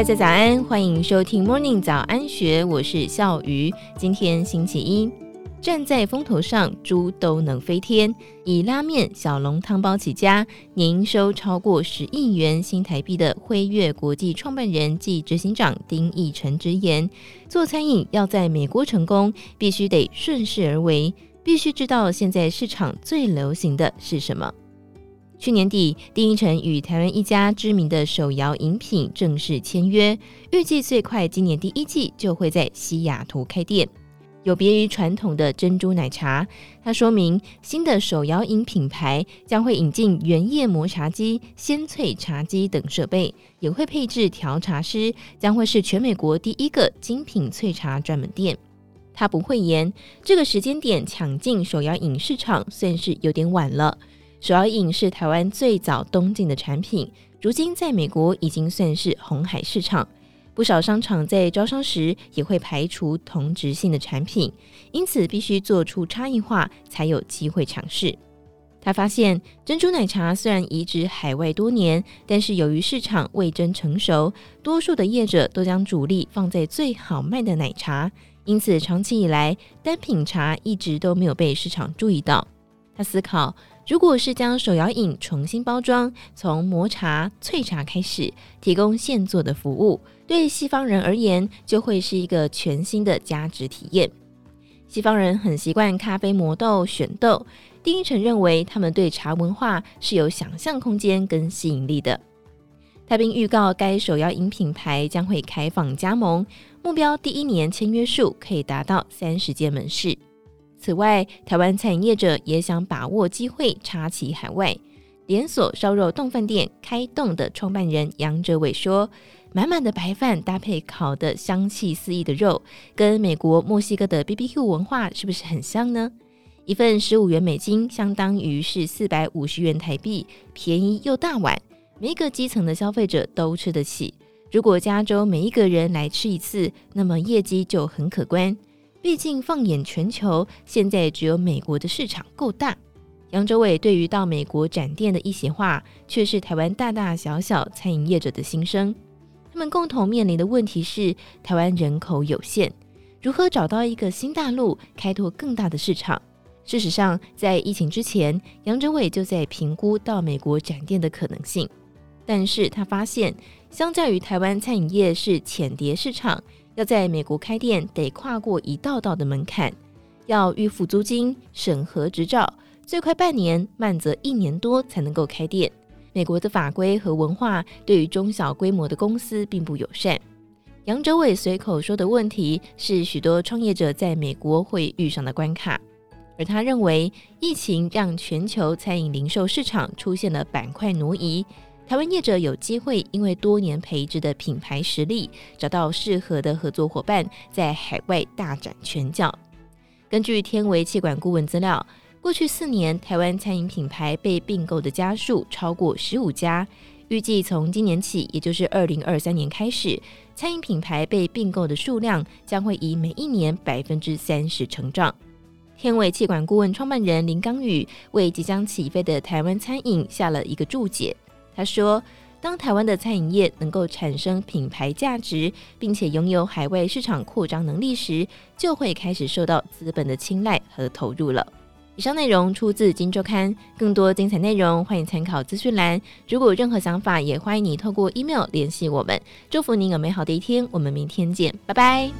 大家早安，歡迎收聽 Morning 早安學，我是笑魚，今天星期一，站在風頭上，豬都能飛天。以拉麵、小籠湯包起家，年營收超過十億元新台幣的輝月國際創辦人暨執行長丁懿辰直言：做餐飲要在美國成功，必須得順勢而為，必須知道現在市場最流行的是什麼。去年底，丁懿辰與台灣一家知名的手搖飲品正式簽約，預計最快今年第一季就會在西雅圖開店。有別於傳統的珍珠奶茶，他說明新的手搖飲品牌將會引進原葉磨茶機、鮮萃茶機等設備，也會配置調茶師，將會是全美國第一個精品萃茶專門店。他不諱言，這個時間點搶進手搖飲市場算是有點晚了。手搖飲是台灣最早東進的產品，如今在美國已經算是紅海市場。不少商場在招商時也會排除同質性的產品，因此必須做出差異化才有機會嘗試。他發現，珍珠奶茶雖然移植海外多年，但是由於市場未臻成熟，多數的業者都將主力放在最好賣的奶茶，因此長期以來單品茶一直都沒有被市場注意到。他思考，如果是將手搖飲重新包裝，從磨茶、萃茶開始，提供現做的服務，對西方人而言，就會是一個全新的價值體驗。西方人很習慣咖啡磨豆、選豆，丁懿辰認為他們對茶文化是有想象空間跟吸引力的。他並預告，該手搖飲品牌將會開放加盟，目標第一年簽約數可以達到三十間門市。此外，台灣餐飲業者也想把握機會插旗海外。連鎖燒肉丼飯店開動的創辦人楊哲偉說：“滿滿的白飯搭配烤得香氣四溢的肉，跟美國墨西哥的 BBQ 文化是不是很像呢？一份十五元美金，相當於是四百五十元台幣，便宜又大碗，每一個基層的消費者都吃得起。如果加州每一個人來吃一次，那麼業績就很可觀。”畢竟，放眼全球，現在只有美國的市場夠大。楊哲偉對於到美國展店的一席話，卻是台灣大大小小餐飲業者的心聲。他們共同面臨的問題是：台灣人口有限，如何找到一個新大陸，開拓更大的市場？事實上，在疫情之前，楊哲偉就在評估到美國展店的可能性。但是他發現，相較於台灣餐飲業是淺碟市場。要在美國開店，得跨過一道道的門檻，要預付租金、審核執照，最快半年，慢則一年多才能夠開店。美國的法規和文化對於中小規模的公司並不友善。楊哲偉隨口說的問題，是許多創業者在美國會遇上的關卡。而他認為，疫情讓全球餐飲零售市場出現了板塊挪移。台灣業者有機會，因為多年培植的品牌實力，找到適合的合作夥伴，在海外大展拳腳。根據天維企管顧問資料，過去四年，台灣餐飲品牌被併購的家數超過十五家。預計從今年起，也就是二零二三年開始，餐飲品牌被併購的數量將會以每一年百分之三十成長。天維企管顧問創辦人林剛宇為即將起飛的台灣餐飲下了一個注解。他說：“當台灣的餐飲業能夠產生品牌價值，並且擁有海外市場擴張能力時，就會開始受到資本的青睞和投入了。”以上內容出自《今周刊》，更多精彩內容歡迎參考資訊欄。如果有任何想法，也歡迎你透過 email 聯繫我們。祝福你有美好的一天，我們明天見，拜拜。